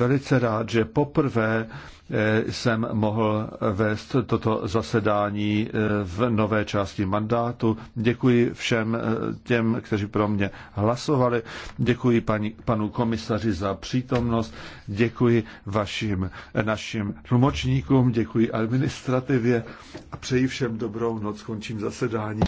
velice rád, že poprvé eh, jsem mohl vést toto zasedání eh, v nové části mandátu. Děkuji všem eh, těm, kteří pro mě hlasovali. Děkuji paní, panu komisaři za přítomnost. Děkuji vašim, našim tlumočníkům, děkuji administrativě a přeji všem dobrou noc. Končím zasedání.